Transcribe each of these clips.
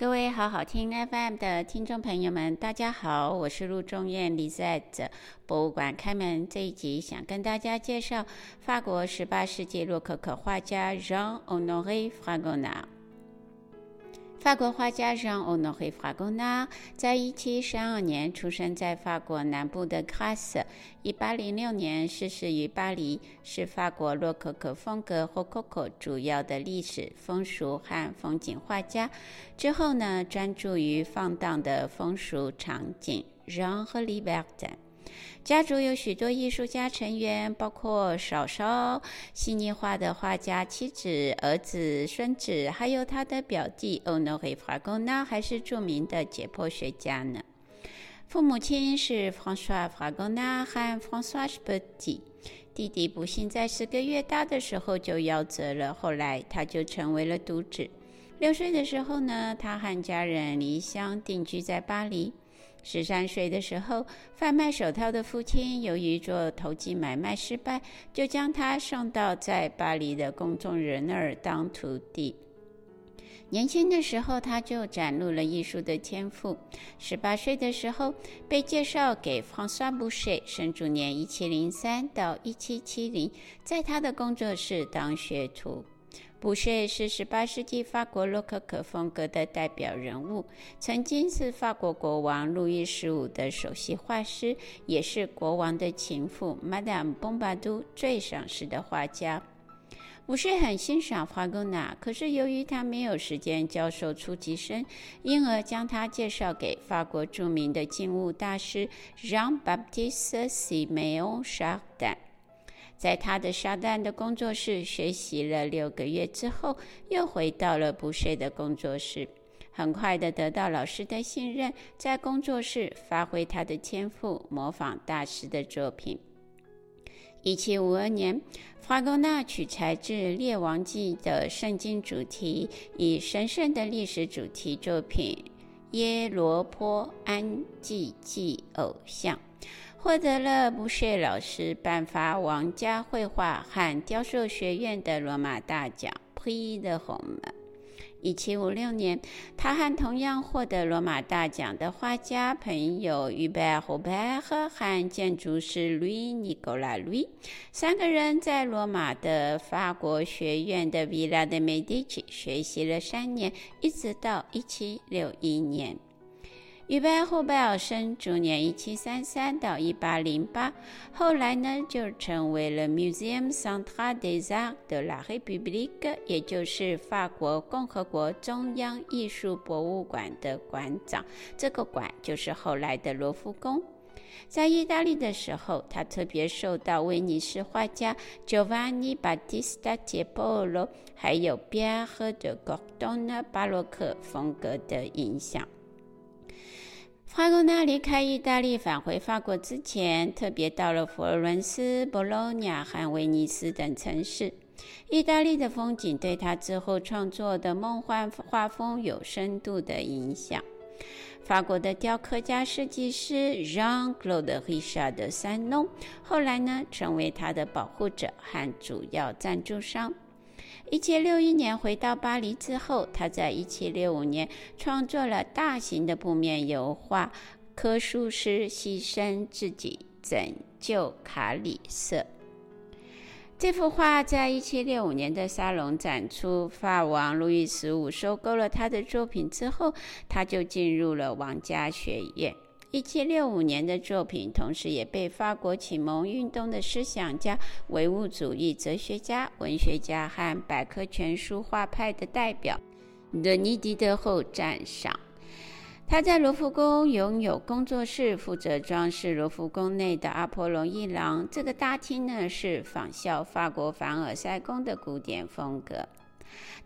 各位好好聽 FM 的聽眾朋友們，大家好，我是陸仲燕 l i Zhe。Lizette，博物館開門這一集，想跟大家介紹法國十八世紀洛可可畫家 Jean Honoré Fragonard。法國畫家 Jean Honoré Fragonard 在1732年出生在法國南部的 Grasse，1806 年逝世於巴黎，是法國洛可可風格或 Rococo 主要的歷史風俗和風景畫家。之後呢，專注於放蕩的風俗場景 genre libertin。家族有許多藝術家成員，包括嫂嫂細密畫的畫家、妻子、兒子、孫子，還有他的表弟歐諾黑·法貢納，還是著名的解剖學家呢。父母親是弗朗索瓦·法貢納和弗朗索瓦絲·珀蒂。弟弟不幸在十個月大的時候就夭折了，後來他就成為了獨子。六歲的時候呢，他和家人離鄉定居在巴黎。十三歲的時候，販賣手套的父親由於做投機買賣失敗，就將他送到在巴黎的公證人那兒當徒弟。年輕的時候，他就展露了藝術的天賦。十八歲的時候，被介紹給 François Boucher（ 生卒年一七零三到一七七零）在他的工作室當學徒。布歇是，是18世紀法國洛可可風格的代表人物，曾經是法國國王路易十五的首席畫師，也是國王的情婦 Madame de Pompadour 最賞識的畫家。布歇很欣賞 Fragonard，可是由於他沒有時間教授初級生，因而將他介紹給法國著名的靜物大師 Jean-Baptiste-Siméon Chardin。在他的沙旦的工作室學習了六個月之後，又回到了不瑞的工作室，很快的得到老師的信任，在工作室發揮他的天賦，模仿大師的作品。一七五二年，Fragonard 取材自《列王記》的聖經主題，以神聖的歷史主題作品《耶羅波安祭祀偶像》。獲得了布謝老師頒發王家繪畫和雕塑學院的羅馬大獎，Prix de Rome。一七五六年，他和同樣獲得羅馬大獎的畫家朋友於貝爾·侯貝爾和建築師 Louis-Nicolas Louis，三個人在羅馬的法國學院的 Villa de Medici 學習了三年，一直到一七六一年。Hubert Robert，卒年一七三三到一八零八。後來呢，就成為了 Museum central des Arts de la République 也就是法國共和國中央藝術博物館的館長。這個館就是後來的羅浮宮。在意大利的時候，他特別受到威尼斯畫家 Giovanni Battista Tiepolo 還有 Pierre de Cortone 巴洛克風格的影響。法國呢，離開意大利返回法國之前，特別到了佛羅倫斯、博洛尼亞和威尼斯等城市。意大利的風景對他之後創作的夢幻畫風有深度的影響。法國的雕刻家、設計師 Jean-Claude Richard de Saint-Non，後來呢，成為他的保護者和主要贊助商。一七六一年回到巴黎之後，他在一七六五年創作了大型的布面油畫《科舒斯犧牲自己拯救卡里瑟》。這幅畫在一七六五年的沙龍展出，法王路易十五收購了他的作品之後，他就進入了王家學院。一七六五年的作品，同時也被法國啟蒙運動的思想家、唯物主義哲學家、文學家和百科全書畫派的代表德尼·狄德羅讚賞。他在盧浮宮擁有工作室，負責裝飾盧浮宮內的阿波羅一廊。這個大廳呢，是仿效法國凡爾賽宮的古典風格。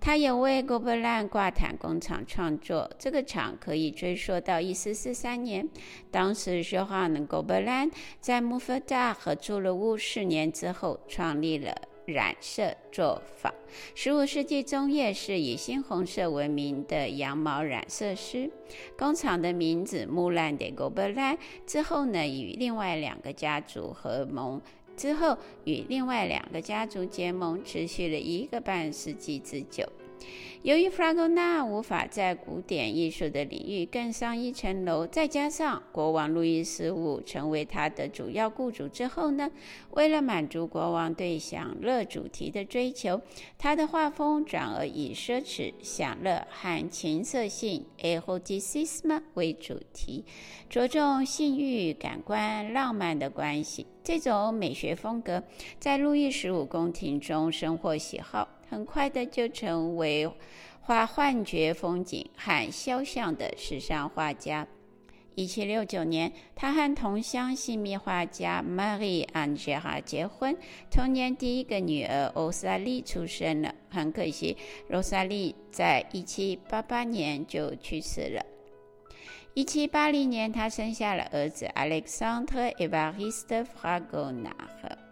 他也為 Gobelin 掛毯工廠創作。這個廠可以追溯到1443年。當時，Jehan 呢 Gobelin 在 Mouffetard 和租了屋，四年之後創立了染色作坊。15世紀中葉，是以猩紅色聞名的羊毛染色師。工廠的名字 Moulin des Gobelin 之後呢，與另外兩個家族結盟。之後，與另外兩個家族結盟，持續了一個半世紀之久。由於弗拉戈納無法在古典藝術的領域更上一層樓，再加上國王路易十五成為他的主要雇主之後呢，為了滿足國王對享樂主題的追求，他的畫風轉而以奢侈、享樂和情色性 a h o t i s i s m 為主題，着重性欲、感官、浪漫的關係。這種美學風格在路易十五宮廷中深獲喜好。很快的就成為畫幻覺風景和肖像的時尚畫家。一七六九年，他和同鄉細密畫家 Marie-Anne Gérard 結婚，同年第一個女兒歐薩莉出生了。很可惜，歐薩莉在一七八八年就去世了。一七八零年，他生下了兒子亞歷山特·埃巴里斯·弗拉戈納爾。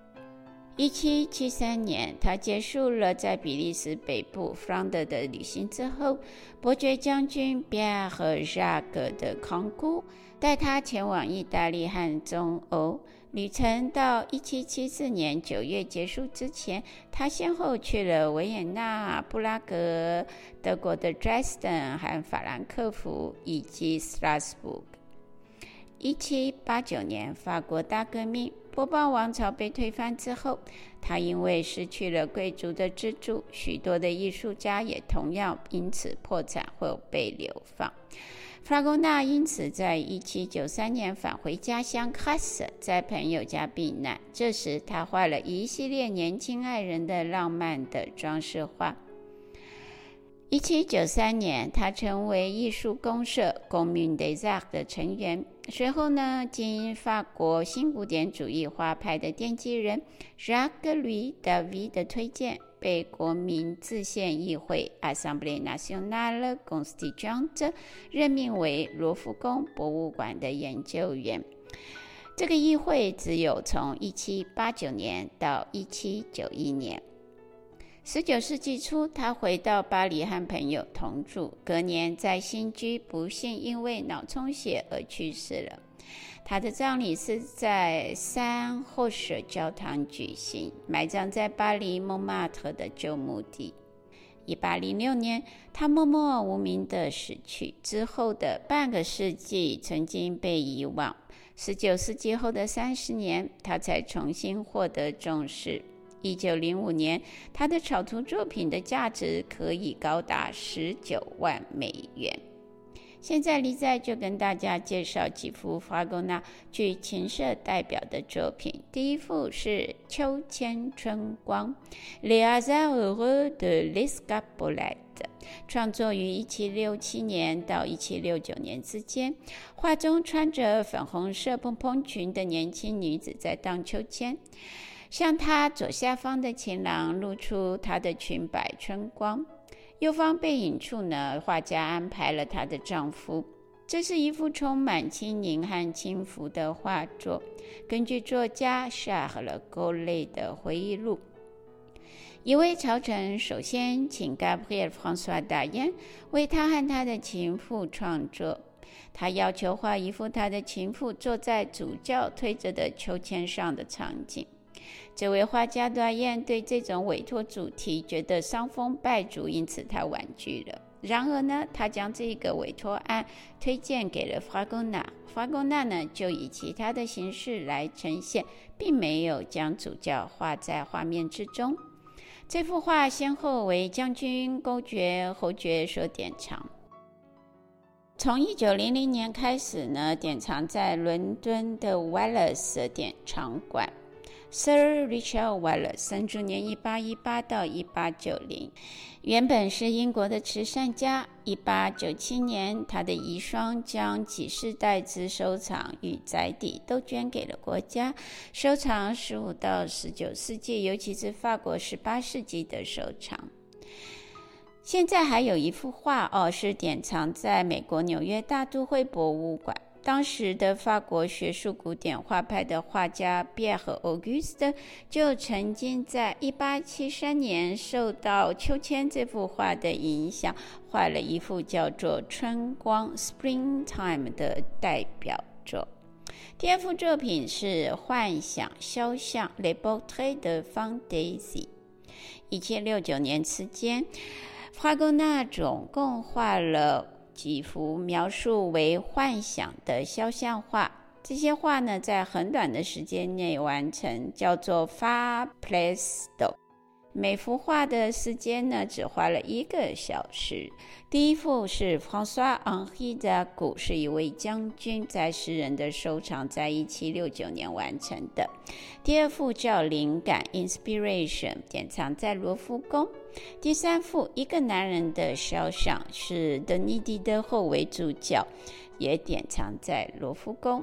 一七七三年，他結束了在比利時北部弗蘭德的旅行之後，伯爵將軍比埃爾和熱格的康姑帶他前往意大利和中歐。旅程到一七七四年九月結束之前，他先後去了維也納、布拉格、德國的德累斯頓和法蘭克福以及斯拉斯堡。一七八九年，法國大革命。波旁王朝被推翻之後，他因為失去了貴族的資助，許多的藝術家也同樣因此破產或被流放。弗拉貢納因此在一七九三年返回家鄉喀塞爾，在朋友家避難。這時，他畫了一系列年輕愛人的浪漫的裝飾畫。一七九三年，他成為藝術公社 Commune des Arts 的成員。隨後呢，經法國新古典主義畫派的奠基人 Jacques-Louis David 的推薦，被國民自憲議會 （Assemblée Nationale） 的 Constituante 任命為羅浮宮博物館的研究員。這個議會只有從一七八九年到一七九一年。19世紀初，他回到巴黎，和朋友同住。隔年，在新居不幸因為腦充血而去世了。他的葬禮是在聖後舍教堂舉行，埋葬在巴黎蒙馬特的舊墓地。1806年，他默默無名地死去。之後的半個世紀，曾經被遺忘。19世紀後的30年，他才重新獲得重視。一九零五年，他的草圖作品的價值可以高達十九萬美元。現在，李在就跟大家介紹幾幅 Fragonard 具情色代表的作品。第一幅是《秋千春光》，Les Hasards heureux de l'escarpolette，創作於一七六七年到一七六九年之間。畫中穿着粉紅色蓬蓬裙的年輕女子在荡秋千。向她左下方的情郎露出她的裙襬春光，右方背影處呢，畫家安排了她的丈夫。這是一幅充滿輕盈和輕浮的畫作。根據作家沙赫勒·勾勒的回憶錄，一位朝臣首先請 Gabriel François Doyen 為他和他的情婦創作。他要求畫一幅他的情婦坐在主教推着的秋千上的場景。這位畫家端燕對這種委托主題覺得傷風敗俗，因此他婉拒了。然而呢，他將這個委托案推薦給了 Fragonard。Fragonard 呢，就以其他的形式來呈現，並沒有將主教畫在畫面之中。這幅畫先後為將軍、公爵、侯爵所典藏。從一九零零年開始呢，典藏在倫敦的 Wallace 典藏館。Sir Richard Wallace，生卒年一八一八到一八九零，原本是英國的慈善家。一八九七年，他的遺孀將幾世代之收藏與宅邸都捐給了國家。收藏十五到十九世紀，尤其是法國十八世紀的收藏。現在還有一幅畫哦，是典藏在美國紐約大都會博物館。當時的法國學術古典畫派的畫家貝爾和奧古斯特就曾經在1873年受到《秋千》這幅畫的影響，畫了一幅叫做《春光 Springtime》（Springtime） 的代表作。第二幅作品是幻想肖像《Laboratory 的 Fantasy》。1769年期間，Fragonard 共畫了。幾幅描述為幻想的肖像畫，這些畫呢，在很短的時間內完成，叫做 “fa presto”。每幅畫的時間呢，只花了一個小時。第一幅是 François-Henri d'Harcourt，是一位將軍，在私人的收藏，在一七六九年完成的。第二幅叫靈感 （Inspiration），典藏在羅浮宮。第三幅一個男人的肖像，是德尼·狄德羅為主角，也典藏在羅浮宮。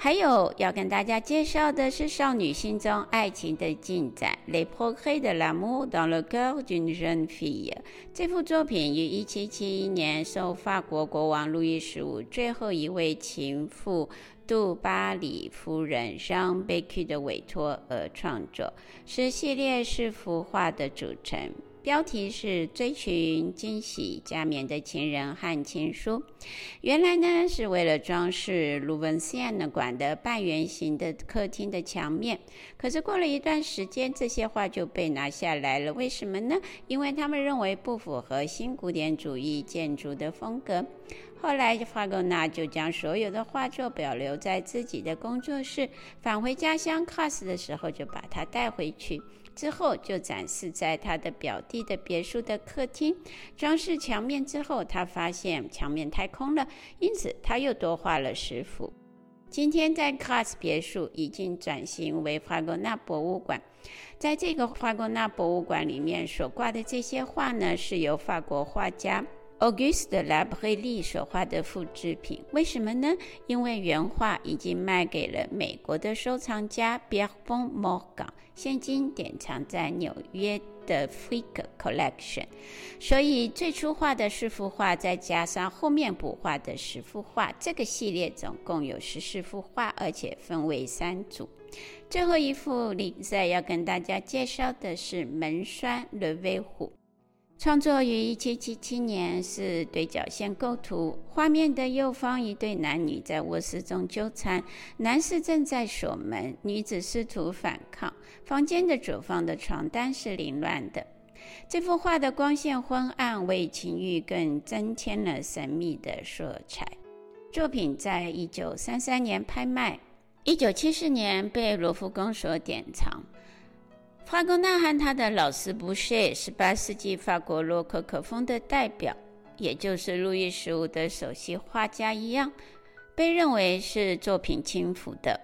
還有要跟大家介紹的是少女心中愛情的進展，Les Progrès de l'amour dans le cœur d'une jeune fille。這幅作品於1771年受法國國王路易十五最後一位情婦杜巴里夫人讓貝屈的委托而創作，是系列四幅畫的組成。標題是追尋驚喜、加冕的情人和情書。原來呢，是為了裝飾盧文斯的館的半圓形的客廳的牆面。可是過了一段時間，這些畫就被拿下來了。為什麼呢？因為他們認為不符合新古典主義建築的風格。後來，Fragonard 就將所有的畫作保留在自己的工作室，返回家鄉 Grasse 的時候就把它帶回去，之後就展示在他的表弟的別墅的客廳裝飾牆面。之後，他發現牆面太空了，因此他又多畫了十幅。今天，在 Grasse 別墅已經轉型為 Fragonard 博物館。在這個 Fragonard 博物館裡面所掛的這些畫呢，是由法國畫家。Auguste Labrille 所畫的複製品，為什麼呢？因為原畫已經賣給了美國的收藏家 Pierpont Morgan，現今典藏在紐約的 Frick Collection。所以最初畫的四幅畫，再加上後面補畫的十幅畫，這個系列總共有十四幅畫，而且分為三組。最後一幅裡在要跟大家介紹的是門閂輪威虎。創作於一七七七年，是對角線構圖。畫面的右方，一對男女在臥室中糾纏，男士正在鎖門，女子試圖反抗。房間的左方的床單是凌亂的。這幅畫的光線昏暗，為情慾更增添了神秘的色彩。作品在一九三三年拍賣，一九七四年被羅浮宮所典藏。Fragonard 和他的老師 Boucher，十八世紀法國洛可可風的代表，也就是路易十五的首席畫家一樣，被認為是作品輕浮的。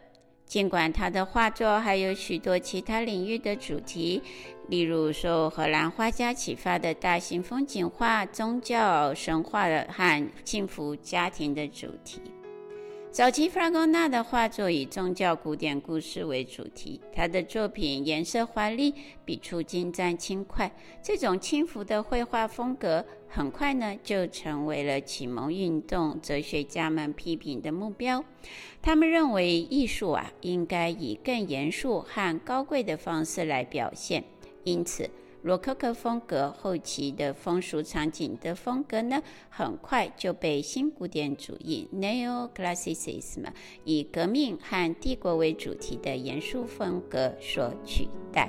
儘管他的畫作還有許多其他領域的主題，例如受荷蘭畫家啟發的大型風景畫、宗教神話和幸福家庭的主題。早期弗拉戈納的畫作以宗教古典故事為主題，他的作品顏色華麗，筆觸精湛輕快。這種輕浮的繪畫風格很快呢就成為了啟蒙運動哲學家們批評的目標。他們認為藝術啊應該以更嚴肅和高貴的方式來表現，因此，洛可可風格後期的風俗場景的風格呢，很快就被新古典主義 （Neoclassicism） 以革命和帝國為主題的嚴肅風格所取代。